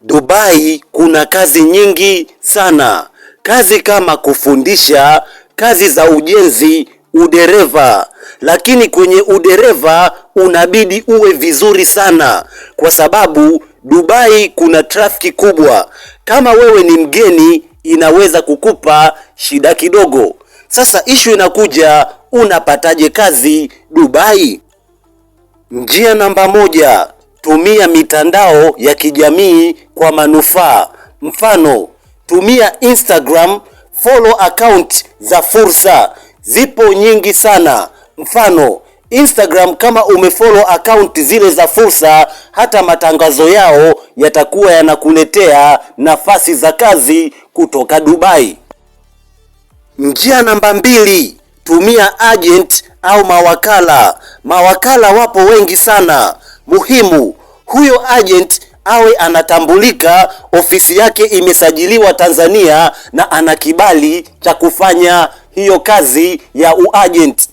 Dubai kuna kazi nyingi sana, kazi kama kufundisha, kazi za ujenzi, udereva. Lakini kwenye udereva unabidi uwe vizuri sana, kwa sababu Dubai kuna trafiki kubwa. Kama wewe ni mgeni, inaweza kukupa shida kidogo. Sasa ishu inakuja, unapataje kazi Dubai? Njia namba moja tumia mitandao ya kijamii kwa manufaa. Mfano, tumia Instagram, follow account za fursa, zipo nyingi sana. Mfano, Instagram kama umefollow account zile za fursa, hata matangazo yao yatakuwa yanakuletea nafasi za kazi kutoka Dubai. Njia namba mbili, tumia agent au mawakala. Mawakala wapo wengi sana. Muhimu agent awe anatambulika, ofisi yake imesajiliwa Tanzania na ana kibali cha kufanya hiyo kazi ya uagent.